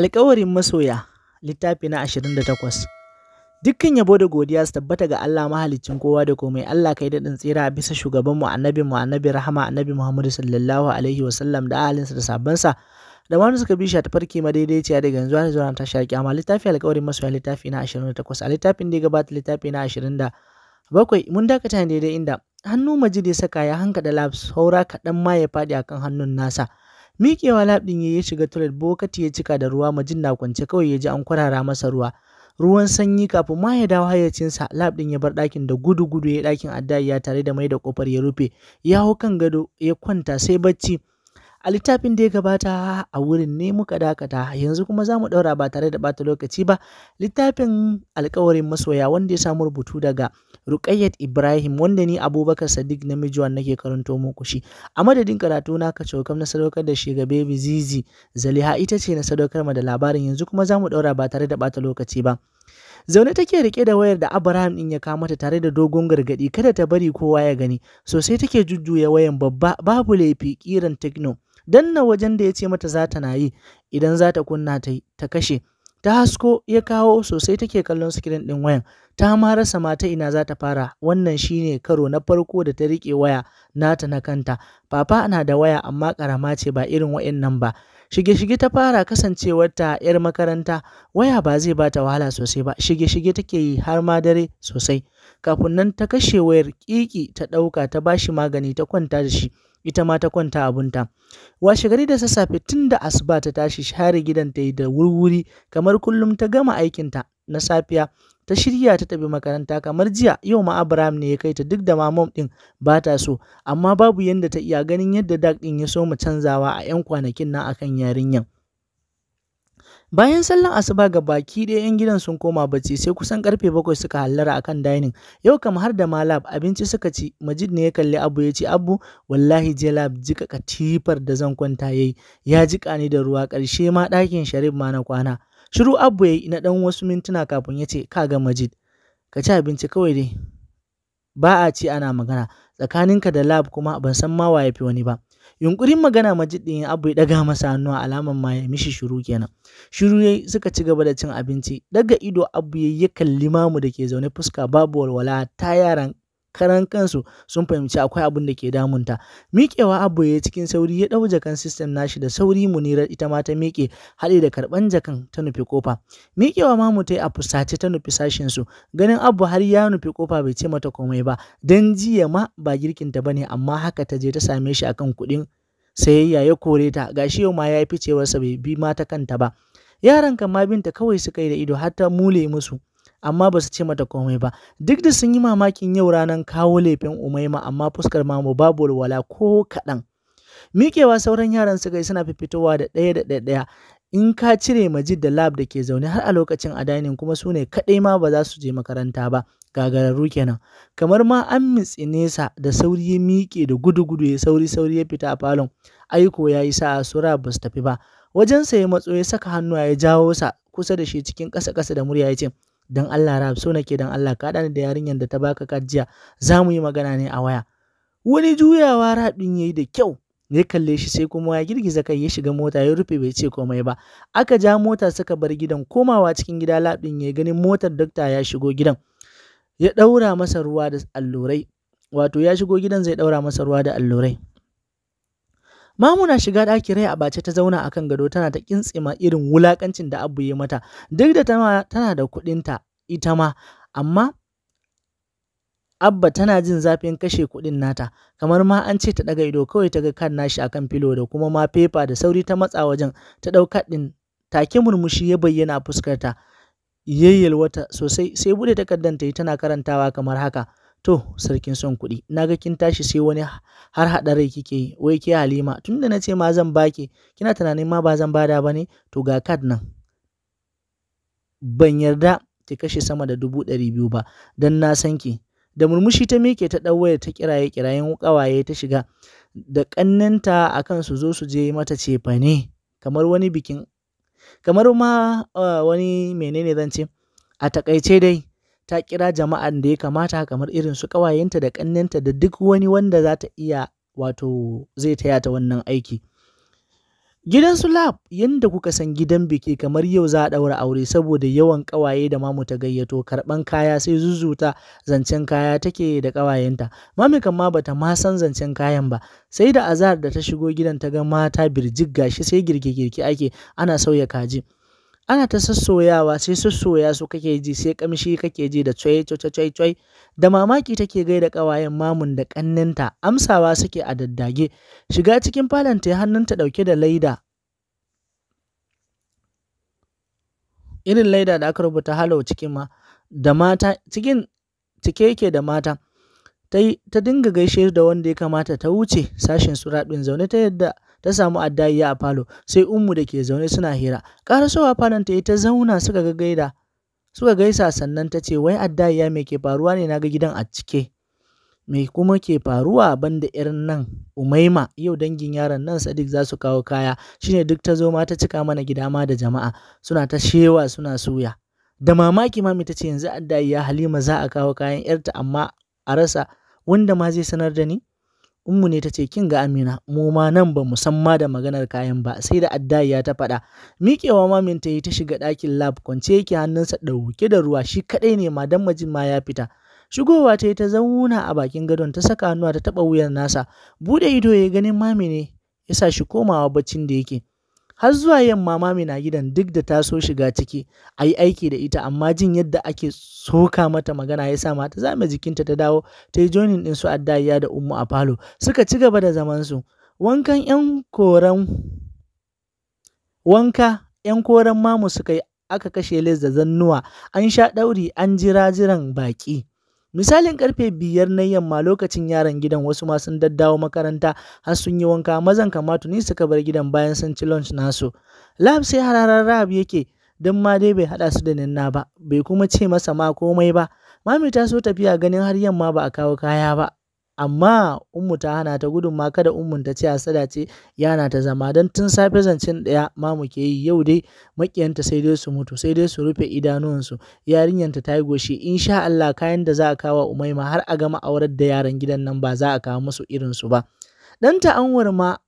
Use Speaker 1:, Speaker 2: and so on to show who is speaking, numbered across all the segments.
Speaker 1: Alƙawarin masoya littafi na 28 Dukkan yabo da godiya su tabbata ga Allah mahaliccin kowa da komai Allah kai daɗin tsira bisa shugaban mu annabi mu annabi rahama annabi Muhammadu sallallahu alaihi sallam da ahalinsa da sabansa da wani suka bi shi a tafarki madaidaiciya daga yanzu har zuwa ta shaƙi amma littafi alƙawarin masoya littafi na 28 a littafin da ya gabata littafi na 27 bakwai mun dakata ne daidai inda hannu majidi ya saka ya hankaɗa labs haura kaɗan ma ya faɗi akan hannun nasa Miƙewa lab ɗin ya shiga toilet bokati ya cika da ruwa majin na kwance kawai ya ji an kwarara masa ruwa. Ruwan sanyi kafin ma ya dawo hayyacinsa lab ɗin ya bar ɗakin da gudu gudu ya ɗakin addayya tare da mai da ƙofar ya rufe. Ya hau kan gado ya kwanta sai bacci a littafin da ya gabata a wurin ne muka dakata yanzu kuma za mu ɗaura ba tare da bata lokaci ba littafin alkawarin masoya wanda ya samu rubutu daga rukayyat ibrahim wanda ni abubakar sadiq namijuwan nake karanto muku shi a madadin karatu na ka cokam na sadaukar da shiga baby zizi zaliha ita ce na sadaukar ma da labarin yanzu kuma za mu ɗaura ba tare da bata lokaci ba zaune take rike da wayar da Abraham din ya kamata tare da dogon gargadi kada ta bari kowa ya gani sosai take jujjuya wayan babba babu laifi kiran techno danna wajen da ya ce mata za ta na yi idan za ta kunna ta ta kashe ta hasko ya kawo sosai take kallon sikirin ɗin wayan ta ma rasa mata ina za ta fara wannan shine karo na farko da ta riƙe waya nata na kanta papa na da waya amma ƙarama ce ba irin wa'innan ba shige-shige ta fara kasancewar ta 'yar makaranta waya ba zai ba ta wahala sosai ba shige-shige take yi har ma dare sosai kafin nan ta kashe wayar ƙiƙi ta ɗauka ta bashi magani ta kwanta da shi ita ma ta kwanta abunta washe gari da sassafe tun da asuba ta tashi share gidan ta yi da wurwuri kamar kullum ta gama aikinta na safiya ta shirya ta tafi makaranta kamar jiya yau ma Abraham ne ya kai ta duk da mamam din ba ta so amma babu yadda ta iya ganin yadda dak din ya so mu canzawa a 'yan kwanakin nan akan yarinyar. Bayan sallan asuba ga baki ɗaya 'yan gidan sun koma bacci sai kusan karfe bakwai suka hallara akan dining. Yau kam har da malab abinci suka ci, Majid ne ya kalli Abu ya ce Abu wallahi jelab lab jika katifar da zan kwanta ya yi. Ya jika ni da ruwa ƙarshe ma ɗakin Sharif ma na kwana. Shiru Abu yi na ɗan wasu mintuna kafin ya ce Ka ga Majid ka ci abinci kawai dai. Ba a ci ana magana tsakaninka da lab kuma ban san ma wa ya fi wani ba. yunkurin magana majiɗin ya abu ya daga masa hannu alamar ma ya mishi shiru kenan shiru yayi suka ci gaba da cin abinci daga ido abu ya kalli mamu da ke zaune fuska babu walwala ta yaran karan kansu sun fahimci akwai abin da ke damunta. Miƙewa abu ya cikin sauri ya ɗau jakan sistem nashi da sauri Munirar ita ma ta miƙe haɗe da karɓan jakan ta nufi kofa. Miƙewa ma ta yi a fusace ta nufi sashin su ganin abu har ya nufi kofa bai ce mata komai ba dan jiya ma ba girkinta ba ne amma haka ta je ta same shi akan kuɗin sayayya ya kore ta gashi yau ma ya fi cewarsa bai bi mata kanta ba. Yaran kan ma binta kawai suka yi da ido har ta mule musu. amma ba su ce mata komai ba duk da sun yi mamakin yau ranar kawo laifin umaima amma fuskar mamu babu walwala ko kaɗan miƙewa sauran yaran su gai suna fifitowa da ɗaya da ɗaya in ka cire majid da lab da ke zaune har a lokacin a dining kuma su ne kaɗai ma ba za su je makaranta ba gagararru kenan kamar ma an mitsi nesa da sauri ya miƙe da gudu-gudu ya sauri sauri ya fita a falon aiko ya yi sa'a sura ba su tafi ba wajensa ya matso ya saka hannu ya jawo sa kusa da shi cikin ƙasa-ƙasa da murya ya ce dan Allah Rahab so nake dan Allah ka da yarinyar da ta baka kajiya za mu yi magana ne a waya wani juyawa rabin yayi da kyau ya kalle shi sai kuma ya girgiza kai ya shiga mota ya rufe bai ce komai ba aka ja mota suka bar gidan komawa cikin gida labin ya ganin motar dokta ya shigo gidan ya daura masa ruwa da allurai wato ya shigo gidan zai daura masa ruwa da allurai Mamu na shiga ɗaki rai a bace ta zauna akan gado tana ta kintsima irin wulakancin da Abu ya mata duk da tana da kuɗinta ita ma amma Abba tana jin zafin kashe kuɗin nata, kamar ma an ce ta ɗaga ido kawai ta ga kan nashi akan filo da kuma ma fefa da sauri ta matsa wajen ta ɗau ɗin take murmushi ya bayyana fuskarta. Yayyalwata sosai sai buɗe takardanta ta yi tana karantawa kamar haka. To, sarkin son kuɗi, na ga kin tashi sai wani har haɗa rai kike yi, wai ke Halima, Tunda na ce ma zan baki, kina tunanin ma ba zan bada ba ne, to ga kad nan. Ban yarda ki kashe sama da dubu ɗari biyu ba, Dan na san ki. Da murmushi ta miƙe ta ɗau waya ta kiraye kirayen ƙawaye ta shiga, da ƙannenta a kan su zo su je mata cefane, kamar wani bikin, kamar ma eh, wani menene zan ce, a takaice dai. ta kira jama'an da ya kamata kamar irin su ƙawayenta da ƙannenta da duk wani wanda za ta iya wato zai taya ta wannan aiki. Gidan su lab yadda kuka san gidan biki kamar yau za a ɗaura aure saboda yawan ƙawaye da mamu ta gayyato karɓan kaya sai zuzuta zancen kaya take da ƙawayenta. Mami kan ma bata ma san zancen kayan ba sai da azar da ta shigo gidan ta ga mata birjik shi sai girke-girke ake ana sauya kaji. ana ta sassoyawa sai sassoya su kake ji sai kamshi kake ji da tsoye tsoye tsoye da mamaki take gaida kawayen mamun da kanninta amsawa suke a daddage shiga cikin falanta hannunta dauke da laida irin laida da aka rubuta halo cikin ma da mata cikin cike yake da mata ta dinga gaishe da wanda ya kamata ta wuce sashin su raɗin zaune ta yadda ta samu addayiya a falo sai ummu da ke zaune suna hira sowa falon ta yi ta zauna suka ga gaida suka gaisa sannan ta ce wai addayiya me ke faruwa ne na ga gidan a cike me kuma ke faruwa banda yar nan umaima yau dangin yaron nan sadiq za su kawo kaya shine duk ta zo ma ta cika mana gida ma da jama'a suna ta shewa suna suya da mamaki mami ta ce yanzu addayiya halima za a kawo kayan yarta amma a rasa wanda ma zai sanar da ni Ummu ne ta ce, Kin ga Amina, mu ma nan ba mu san ma da maganar kayan ba, sai da ya ta faɗa. Miƙewa mamin ta yi ta shiga ɗakin lab, kwance yake hannunsa ɗauke da ruwa, shi kaɗai ne ma dan majin ma ya fita. Shigowa ta yi ta zauna a bakin gadon, ta saka hannuwa ta taɓa wuyan nasa, buɗe ido ya ganin mami ne, ya sa shi komawa baccin da yake. har zuwa yamma mami na gidan duk da ta so shiga ciki a yi aiki da ita amma jin yadda ake soka mata magana ya sa mata zama jikinta ta dawo ta yi joinin ɗin su addayya da ummu a falo suka ci gaba da zaman su wankan yan koran wanka yan koran mamu suka yi aka kashe les da zannuwa an sha ɗauri an jira jiran baƙi Misalin karfe biyar na yamma lokacin yaran gidan wasu ma sun daddawo makaranta har sun yi wanka mazan kamatu tuni suka bar gidan bayan sun ci lunch nasu. Lahab sai hararar Rahab yake don ma dai bai haɗa su da Ninna ba bai kuma ce masa ma komai ba. Mami ta so tafiya ganin har yamma ba a kawo kaya ba. amma ummu ta hana ta gudun ma kada ummun ta ce hasada ce yana ta zama don tun safe zancen daya ma muke yi yau dai makiyanta sai dai su mutu sai dai su rufe idanuwansu yarinyar ta yi goshi insha Allah kayan da za a kawo umaima har a gama aurar da yaran gidan nan ba za a kawo musu irin su ba ɗanta anwar ma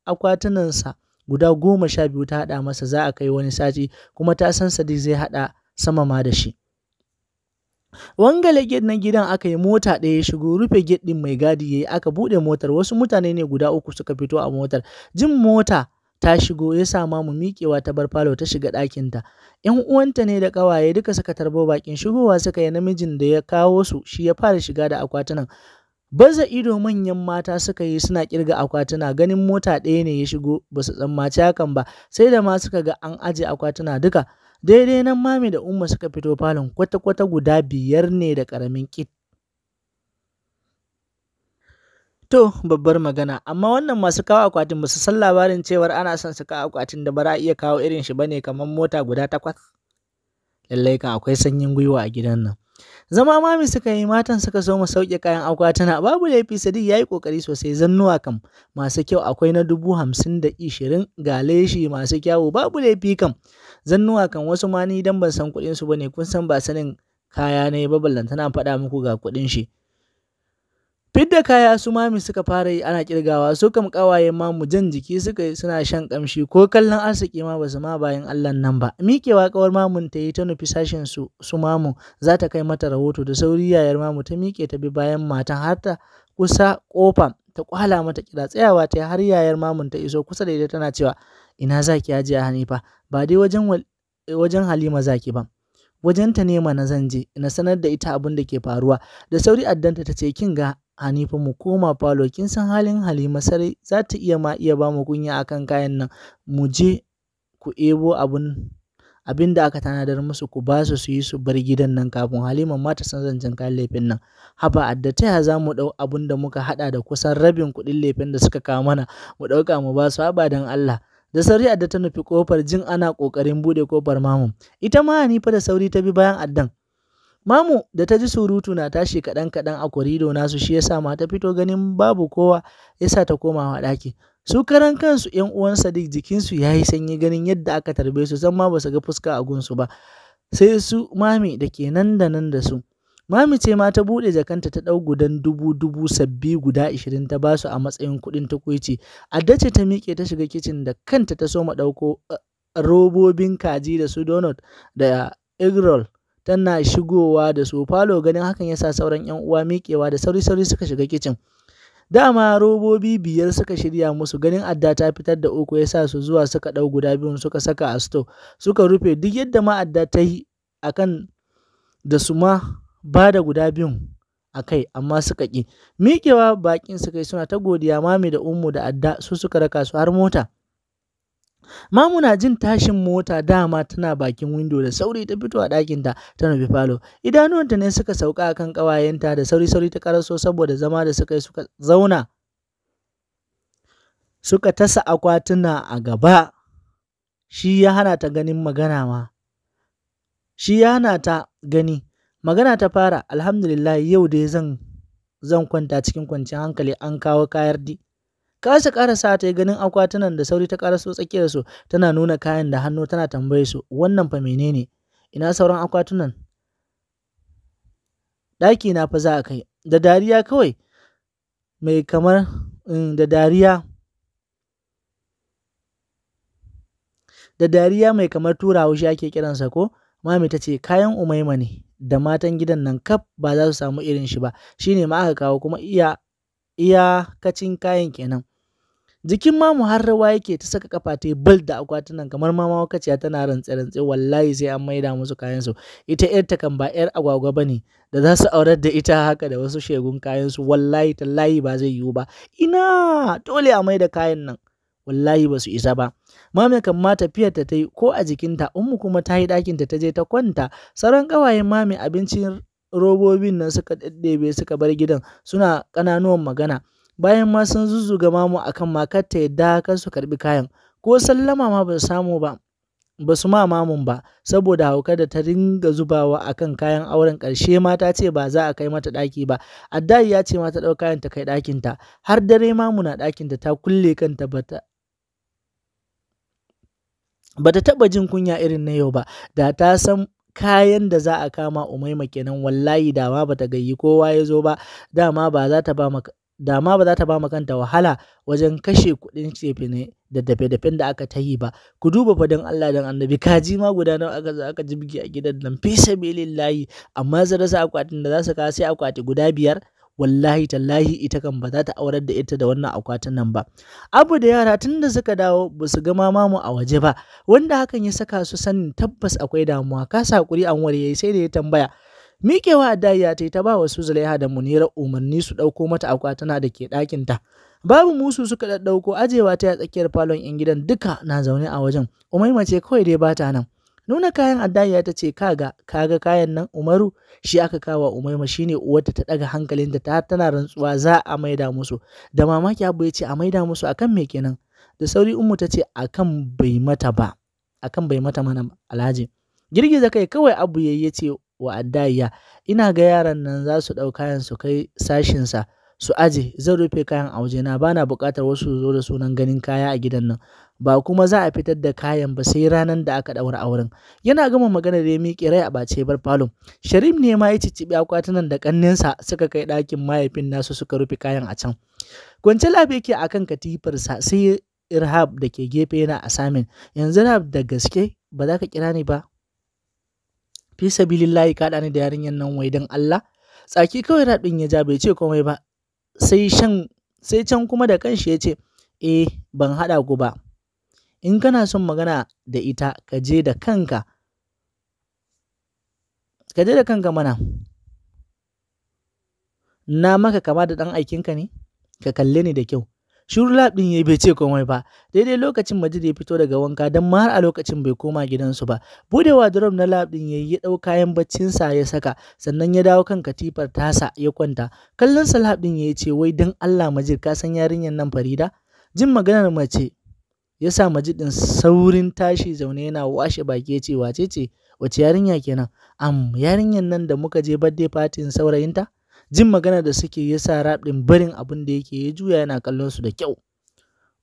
Speaker 1: sa guda goma sha biyu ta hada masa za a kai wani sati kuma ta san sadiq zai hada sama ma da shi Wangale gate na gidan aka yi mota ɗaya ya shigo rufe gate ɗin mai gadi ya yi aka buɗe motar wasu mutane ne guda uku suka fito a motar jin mota ta shigo ya sa mu miƙewa ta bar falo ta shiga ɗakin ta Ƴan uwanta ne da ƙawaye duka suka tarbo bakin shigowa suka yi namijin da ya kawo su shi ya fara shiga da akwatunan baza ido manyan mata suka yi suna kirga akwatuna ganin mota ɗaya ne ya shigo basu tsammaci hakan ba sai da ma suka ga an aje akwatuna duka Daidai nan mami da umma suka fito falon kwata-kwata guda biyar ne da ƙaramin kit. To, babbar magana, amma wannan masu kawo akwatin ba su san labarin cewar ana son su kawo akwatin da ba za a iya kawo irin shi bane kamar mota guda takwas. Lallai kan akwai sanyin gwiwa a gidan nan. Zama mami suka yi matan suka so mu sauke kayan akwatuna babu laifi Sadiq ya yi ƙoƙari sosai zannuwa kam masu kyau akwai na dubu hamsin da ishirin ga leshi masu kyawu babu laifi kam zannuwa kan wasu ma ni dan ban san kuɗin su bane kun san ba sanin kaya ne ba tana faɗa muku ga kuɗin shi Fidda kaya su Mami suka fara yi ana kirgawa su kam kawaye Mamu jan jiki suka yi suna shan kamshi ko kallon arziki ma ba su ma bayan allah nan ba. Miƙewa kawar Mamun ta yi ta nufi sashen su, su Mamu za ta kai mata rahoto da sauri yayar Mamu ta miƙe ta bi bayan matan har ta kusa kofa ta kwala mata kira tsayawa ta har yayar Mamun ta iso kusa da ita tana cewa ina za ki ajiye Hanifa ba dai wajen wajen Halima za ki ba. Wajenta ne na zan je na sanar da ita abin da ke faruwa da sauri addanta ta ce kin ga Hanifa mu koma falo kin san halin Halima sarai za ta iya ma iya ba mu kunya akan kayan nan mu je ku ebo abun abin da aka tanadar musu ku ba su su yi su bar gidan nan kafin Halima ma ta san zancen kayan laifin nan. Haba adda ta ya za mu ɗau abin da muka haɗa da kusan rabin kuɗin laifin da suka kawo mana mu ɗauka mu ba su haba don Allah. Da sauri adda ta nufi kofar jin ana kokarin buɗe kofar mamun. Ita ma Hanifa da sauri ta bi bayan addan. Mamu da ta ji surutu na tashi kaɗan-kaɗan a korido nasu shi yasa ma ta fito ganin babu kowa yasa ta koma wa ɗaki. Su karan kansu ‘yan uwan Sadiq jikinsu ya yi sanyi ganin yadda aka tarbe su san ma ba su ga fuska a gunsu ba. Sai su mami da ke nan da nan da su. Mami ce ma ta buɗe jakanta ta ɗau gudan dubu dubu sabbi guda ishirin ta basu a matsayin kuɗin takuici. Adda ce ta miƙe ta shiga kicin da kanta ta soma ɗauko eh, robobin kaji da su donut da egg roll. tana shigowa da su falo ganin hakan yasa sauran 'yan uwa miƙewa da sauri-sauri suka shiga kicin. Dama robobi biyar suka shirya musu ganin adda ta fitar da uku yasa su zuwa suka ɗau guda biyun suka saka a sto suka rufe duk yadda ma adda ta yi a kan da su ma ba da guda biyun a kai amma suka ƙi. Miƙewa baƙin suka yi suna ta godiya mami da ummu da adda su suka raka su har mota. Mamu na jin tashin mota dama tana bakin windo da sauri ta fito a ɗakinta ta nufi falo. Idanuwanta ne suka sauka akan kan ƙawayenta da sauri-sauri ta ƙaraso saboda zama da suka yi suka zauna. Suka tasa akwatuna a gaba, shi ya hana ta ganin magana ma. Shi ya hana ta gani. Magana ta fara, Alhamdulillah yau dai zan zan kwanta cikin kwanciyar hankali an kawo kayar di. kasa sa ta yi ganin akwatunan da sauri ta karaso tsakiyar su tana nuna kayan da hannu tana tambaye su wannan fa menene ina sauran akwatunan ɗaki na fa za a kai da dariya kawai mai kamar mm, da dariya da dariya mai kamar tura haushi ake kiransa ko mami ta ce kayan umaima ne da matan gidan nan kaf ba za su samu irin shi ba shine ma aka kawo kuma iya iyakacin kayan kenan jikin ma muharrawa yake ta saka kafa ta bal da akwatunan kamar ma mawakaciya tana rantse rantse wallahi sai an maida musu kayan su ita yar ta kan ba yar agwagwa bane da za su aurar da ita haka da wasu shegun kayan su wallahi tallahi ba zai yiwu ba ina dole a maida kayan nan wallahi ba su isa ba mame kan ma tafiyar ta yi ko a jikinta ummu kuma ta yi ɗakinta ta je ta kwanta sauran ƙawayen mame abincin robobin nan suka ɗaɗɗebe suka bar gidan suna ƙananuwan magana bayan ma sun zuzzuga mamu akan ma kar ta yadda kan su karɓi kayan ko sallama ma ba samu ba ba su ma mamun ba saboda haukar da ta ringa zubawa akan kayan auren karshe ma ta ce ba za a kai mata ɗaki ba addai ya ce ma ta ɗau kayan ta kai ɗakinta har dare ma na ɗakinta ta kulle kanta bata bata taɓa jin kunya irin na yau ba da ta san kayan da za a kama umaima kenan wallahi dama bata gayyi kowa ya zo ba dama ba za ta ba maka. da ma ba za ta ba ma kanta wahala wajen kashe kuɗin cefine da dafe-dafen da aka yi ba ku duba fadin Allah don annabi kaji ma guda nawa aka zo aka jibge a gidan nan fi sabilillahi amma su rasa akwatin da za su kawo sai akwati guda biyar wallahi tallahi ita kan ba za ta aurar da ita da wannan akwatin nan ba abu da yara tun da suka dawo ba su ga mamamu a waje ba wanda hakan ya saka su sanin tabbas akwai damuwa kasa hakuri an wariye sai da ya tambaya Miƙewa Adayya ta yi ta ba wasu Zulaiha da Munira umarni su ɗauko mata akwatuna da ke ɗakinta. Babu musu suka ɗaɗɗauko ajewa ta ya tsakiyar falon 'yan gidan duka na zaune a wajen. Umaima ce kawai dai bata nan. Nuna kayan Adayya ta ce kaga kaga kayan nan Umaru shi aka kawa Umaima shine uwarta ta ɗaga hankalin da ta tana rantsuwa za a maida musu. Da mamaki Abu ya ce a maida musu akan me kenan? Da sauri Ummu ta ce akan bai mata ba. Akan bai mata mana Alhaji. girgiza kai kawai abu ya ce wa ina ga yaran nan za su ɗau kayan su kai sashinsa su aje zan rufe kayan a wajena ba na buƙatar wasu su zo da sunan ganin kaya a gidan nan ba kuma za a fitar da kayan ba sai ranar da aka ɗaura auren yana gama magana da ya miƙe rai a ɓace bar falon sharif ne ma ya cicciɓi akwatunan da ƙannensa suka kai ɗakin mahaifin nasu suka rufe kayan a can gwance labe ke a akan katifarsa sai irhab da ke gefe yana samin. yanzu rab da gaske ba za ka kira ni ba fi layi kaɗa ni da yarinyar nan wai don Allah tsaki kawai raɗin ya ja bai ce komai ba sai can kuma da kanshi ya ce eh ban haɗa ku ba in kana son magana da ita ka da kanka ka je da kanka mana na maka kama da ɗan aikinka ne ka kalle ni da kyau Shuru Lab ɗin yayi bai ce komai ba. Daidai lokacin Majid ya fito daga wanka don ma har a lokacin bai koma gidansu ba. Budewa drum na Lab ɗin yayi ya ɗau kayan baccinsa ya saka sannan ya dawo kan katifar tasa ya kwanta. Kallon sa Lab ɗin yayi ce wai don Allah Majid ka san yarinyar nan Farida? Jin maganar mace ya sa Majid ɗin saurin tashi zaune yana washe baki ya ce wace ce wace yarinya kenan? Am yarinyar nan da muka je birthday fatin saurayinta? jin magana da suke ya sa rap ɗin barin abin da yake ya juya yana kallon su da kyau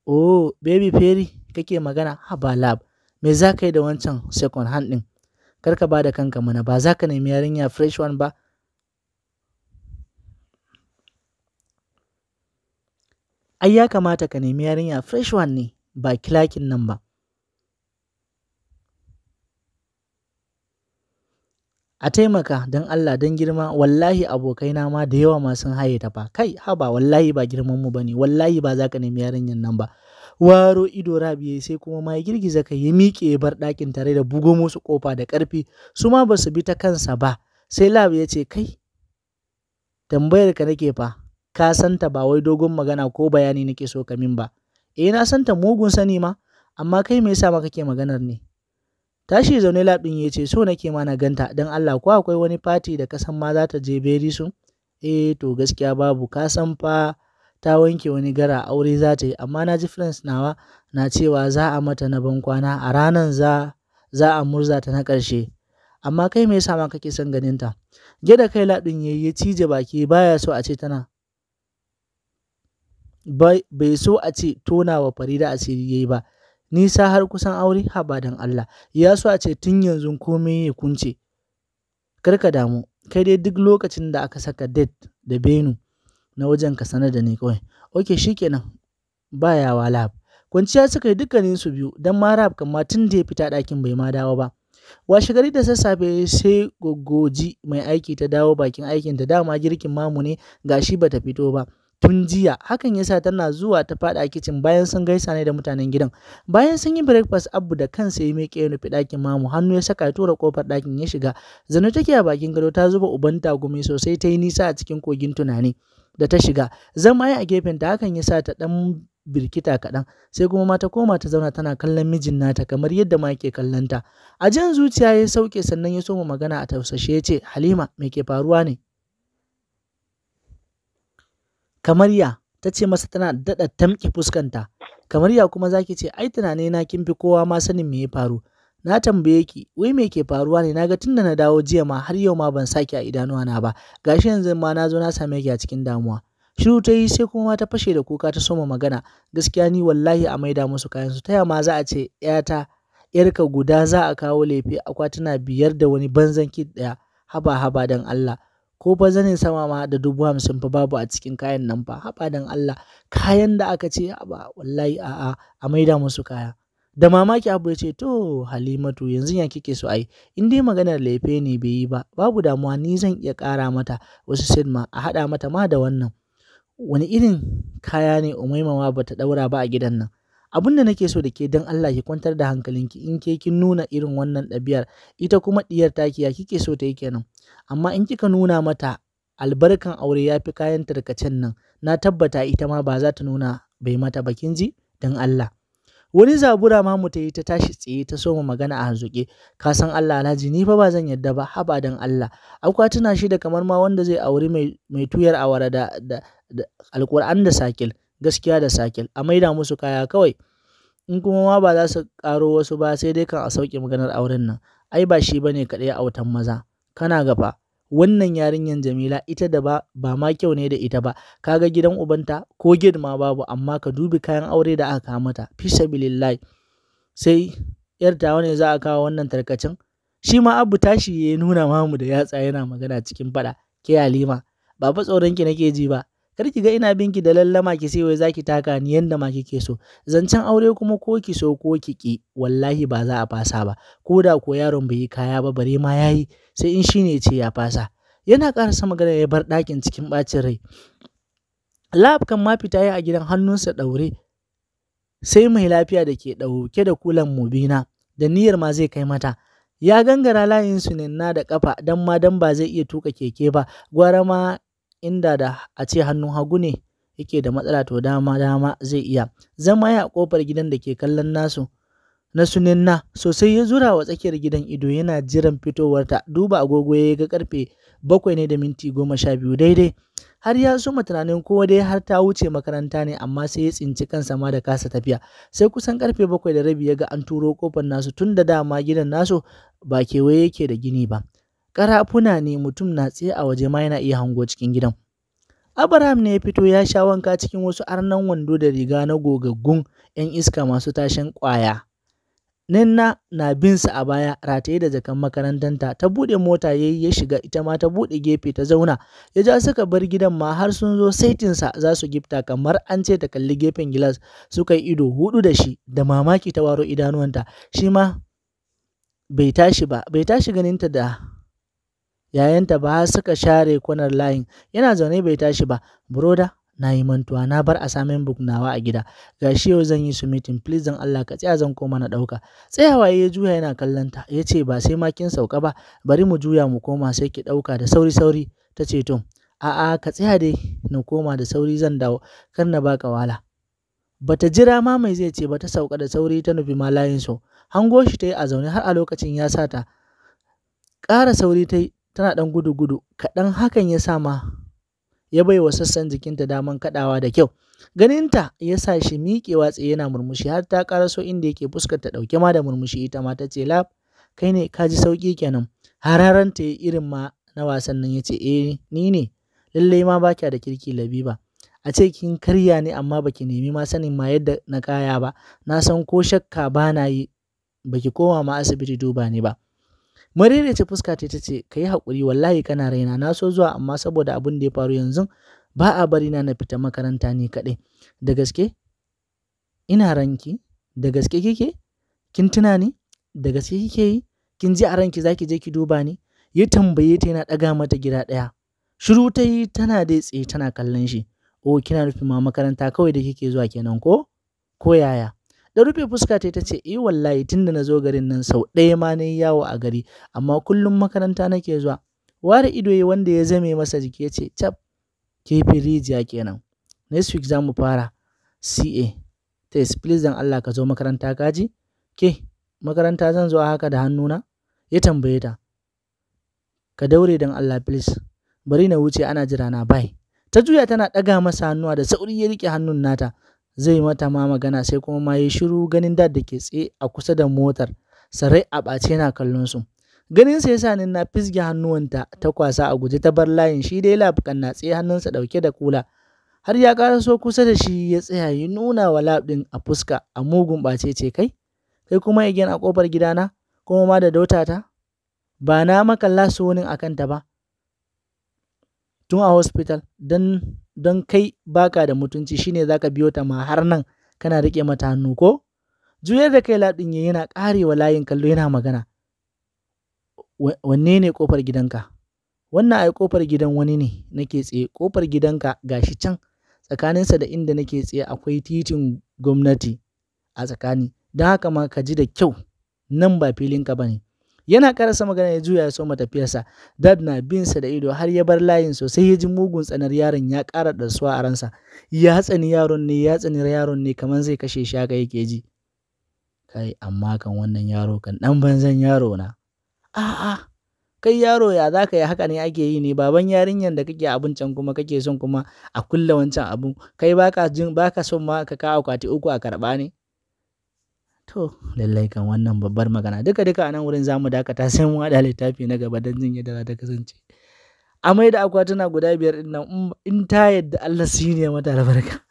Speaker 1: oh baby fairy kake magana ba lab me za ka yi da wancan second hand ɗin kar ka ba kanka mana ba za ka nemi yarinya fresh one ba ai ya kamata ka nemi yarinya fresh one ne ba kilakin nan ba a taimaka don Allah don girma wallahi abokai na ma da yawa ma sun haye ta fa kai haba wallahi ba girman mu bane wallahi ba za ka nemi yarinyar nan ba waro ido rabiye sai kuma ma ya girgiza kai ya miƙe ya bar ɗakin tare da bugo musu kofa da ƙarfi su ma ba su bi ta kansa ba sai lab ya ce kai tambayar ka nake fa ka santa ba wai dogon magana ko bayani nake so ka ba eh na santa mugun sani ma amma kai me yasa ma kake maganar ne Tashi zaune lab ya ce so nake ma na ganta don Allah ko akwai wani fati da kasan ma za ta je beri su? Eh to gaskiya babu kasan san fa ta wanke wani gara aure za ta yi amma na ji friends nawa na cewa za a mata na bankwana a ranar za a murza ta na ƙarshe amma kai mai yasa kake son ganin ta gida kai ladin yayi ya cije baki baya so a ce tana bai so a ce tona wa farida asiri yayi ba nisa har kusan aure haba don Allah ya so a ce tun yanzu komai ya kunce karka damu kai dai duk lokacin da aka saka date da benu na wajen ka sanar da ni kawai ok shikenan ba wa lab kwanciya suka yi dukkanin su biyu don ma rab kamar tun da ya fita ɗakin bai ma dawo ba washe gari da sassafe sai goggoji mai aiki ta dawo bakin aikin ta dama girkin mamu ne gashi bata fito ba tun jiya hakan yasa tana zuwa ta fada kicin bayan sun gaisa ne da mutanen gidan bayan sun yi breakfast abu da kansa ya miƙe ya nufi ɗakin mamu hannu ya saka ya tura kofar ɗakin ya shiga zanu take a bakin gado ta zuba uban gumi sosai ta yi nisa a cikin kogin tunani da ta shiga Zan ya a gefen ta hakan yasa ta dan birkita kaɗan sai kuma mata koma ta zauna tana kallon mijin nata kamar yadda ma ke kallon ta a jan zuciya ya sauke sannan ya soma magana a tausashe ya ce halima me ke faruwa ne Kamarya ta ce masa tana daɗa tamki fuskanta. Kamarya kuma zaki ce ai tunani na kin fi kowa ma sanin me ya faru. Na tambaye ki wai me ke faruwa ne naga tunda na dawo jiya ma har yau ma ban saki a idanuwa na ba. Gashi yanzu ma na zo na same ki a cikin damuwa. Shiru ta yi sai kuma ta fashe da kuka ta soma magana. Gaskiya ni wallahi a maida musu kayan su. Taya ma za a ce ‘yata ‘yarka guda za a kawo lefe akwatuna biyar da wani banzan kit ɗaya. Haba haba dan Allah. ko fa zanin sama ma da dubu hamsin fa babu a cikin kayan nan fa Haba dan Allah kayan da aka ce haɓa wallahi a'a a maida musu kaya da mamaki abu ya ce to halimatu yanzu ya kike so ai in dai maganar laife ne bai yi ba babu damuwa ni zan iya ƙara mata wasu ma, a haɗa mata ma da wannan wani irin kaya ne umaima ma bata ɗaura ba a gidan nan abin da nake so da ke don Allah ki kwantar da hankalinki in ke kin nuna irin wannan ɗabi'ar ita kuma ɗiyar taki ya kike so ta yi kenan amma in kika nuna mata albarkan aure ya fi kayan tarkacen nan na tabbata ita ma ba za ta nuna bai mata ba kin ji don Allah wani zabura ma ta yi ta tashi tsaye ta soma magana a hanzuke ka san Allah alhaji ni fa ba zan yadda ba haba don Allah akwatuna shi da kamar ma wanda zai auri mai, tuyar awara da, da, da sakil gaskiya da sakil a maida musu kaya kawai in kuma ma ba za su karo wasu ba sai dai kan a sauki maganar auren nan ai ba shi bane kaɗai a wutan maza kana gafa wannan yarinyar jamila ita da ba ba ma kyau ne da ita ba kaga gidan ubanta ko gid ma babu amma ka dubi kayan aure da aka kawo mata fi sabilillahi sai yar tawa ne za a kawo wannan tarkacin shi ma abu tashi ya nuna mamu da yatsa yana magana cikin faɗa. ke halima ba fa tsoron ki nake ji ba kar ki ga ina binki da lallama ki sai wai zaki taka ni yanda ma kike so zancen aure kuma ko ki so ko ki ki wallahi ba za a fasa ba ko da ko yaron bai yi kaya ba bare ma yayi sai in shine ce ya fasa yana karasa magana ya bar ɗakin cikin bacin rai lab kan ma fita yi a gidan hannunsa ɗaure sai mai lafiya da ke ɗauke da kulan mubina da niyyar ma zai kai mata ya gangara layin su na da kafa dan ma dan ba zai iya tuka keke ba gwara ma inda da a ce hannun hagu ne yake da matsala to dama dama zai iya zama ya kofar gidan da ke kallon nasu na suninna sosai ya zura wa tsakiyar gidan ido yana jiran fitowarta duba agogo ya ga karfe bakwai ne da minti goma sha biyu daidai har ya soma tunanin kowa dai har ta wuce makaranta ne amma sai ya tsinci kansa ma da kasa tafiya sai kusan karfe bakwai da rabi ya ga an turo kofar nasu tun da dama gidan nasu ba kewaye yake da gini ba ƙarafuna ne mutum na tsaye a waje ma yana iya hango cikin gidan. Abraham ne ya fito ya sha wanka cikin wasu arnan wando da riga na gogaggun 'yan iska masu tashin ƙwaya. Ninna na bin sa a baya rataye da jakan makarantanta ta buɗe mota yayi ya shiga ita ma ta buɗe gefe ta zauna ya ja suka bar gidan ma har sun zo saitinsa za su gifta kamar an ce ta kalli gefen gilas suka yi ido hudu da shi da mamaki ta waro idanuwanta shi ma bai tashi ba bai tashi ganinta da yayanta ba suka share kwanar layin yana zaune bai tashi ba broda na yi mantuwa na bar assignment book nawa a gida Ga shi yau zan yi su mitin. please dan Allah ka tsaya zan koma na dauka tsayawa ya juya yana kallon ta ce ba sai ma kin sauka ba bari mu juya mu koma sai ki dauka da sauri sauri ce to a'a ka tsaya dai na koma da sauri zan dawo kar na baka wala bata jira ma mai zai ce bata sauka da sauri ta nufi ma layin so hango shi ta yi a zaune har a lokacin ya sa ta ƙara sauri ta yi tana ɗan gudu-gudu kaɗan hakan ya sa ma ya bai wa sassan jikinta daman kaɗawa da kyau ganinta ya sa shi miƙewa tsaye yana murmushi har ta ƙaraso inda yake fuskar ta ɗauke ma da murmushi ita ma ta ce lab kai ne ka ji sauƙi kenan hararanta ya irin ma na wasan nan ya ce eh ni ne lallai ma ba da kirki labiba a ce kin karya ne amma baki nemi ma sanin ma yadda na kaya ba na san ko shakka ba na yi baki koma ma asibiti duba ni ba ce fuska ta ce, ka yi haƙuri wallahi kana raina na so zuwa amma saboda abin da ya faru yanzu ba a bari na na fita makaranta ni kaɗai. Da gaske? Ina ranki? Da gaske kike? Kin tuna ni? Da gaske kike yi? Kin ji a ranki za ki je ki duba ni? Ya tambaye ta yana ɗaga mata gida ɗaya. Shiru ta yi tana dai tsaye tana kallon shi. O oh, kina nufin ma makaranta kawai da kike zuwa kenan ko? Ko yaya? ta rufe fuska ta ta ce eh wallahi tun da na zo garin nan sau ɗaya ma na yi yawo a gari amma kullum makaranta nake zuwa ware ido ya wanda ya zame masa jiki ya ce cap Ke fi rijiya kenan next week za mu fara ca test please dan allah ka zo makaranta kaji ke makaranta zan zo haka da hannuna ya tambaye ta ka daure dan allah please bari na wuce ana jira na bai ta juya tana ɗaga masa hannuwa da sauri ya riƙe hannun nata zai mata ma magana sai kuma ma yi shiru ganin dad da ke tsaye a kusa da motar sarai a ɓace yana kallon su ganin sai ni na fisge hannuwanta ta kwasa a guje ta bar layin shi dai labukan na tsaye hannunsa ɗauke da kula har ya so kusa da shi ya tsaya ya nuna wa labɗin a fuska a mugun ɓace ce kai kai kuma igen a ƙofar gidana kuma ma da dautata ba na maka lasunin a kanta ba tun a hospital don don kai baka da mutunci shine zaka biyo ta ma har nan kana rike mata hannu ko juyar da kai ladin ya yana karewa layin kallo yana magana wanne ne kofar gidanka wannan ai kofar gidan wani ne nake tsaye Kofar gidanka gashi can tsakaninsa da inda nake tsaye akwai titin gwamnati a tsakani don haka ma ka ji da kyau nan ba filinka ba ne yana karasa magana ya juya ya soma tafiyarsa dad na bin sa da ido har ya bar layin sosai ya ji mugun tsanar yaron ya ƙara ɗarsuwa a ransa ya tsani yaron ne ya tsani yaron ne kamar zai kashe shi haka yake ji kai amma kan wannan yaro kan ɗan banzan yaro na a'a kai yaro ya za ka yi haka ne ake yi ne baban yarinyar da kake abin can kuma kake son kuma a kulle wancan abun kai baka jin baka son ma ka kawo kwati uku a karɓa ne To lallai kan wannan babbar magana. Duka duka a nan wurin za mu dakata sai mu haɗa littafi na gaba don jin yadda za ta kasance. Amai da akwatuna guda biyar dinnan in ta yadda Allah yi ne mata albarka.